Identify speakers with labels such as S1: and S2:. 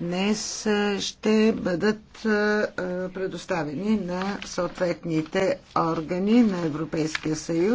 S1: днес ще бъдат предоставени на съответните органи на Европейския съюз.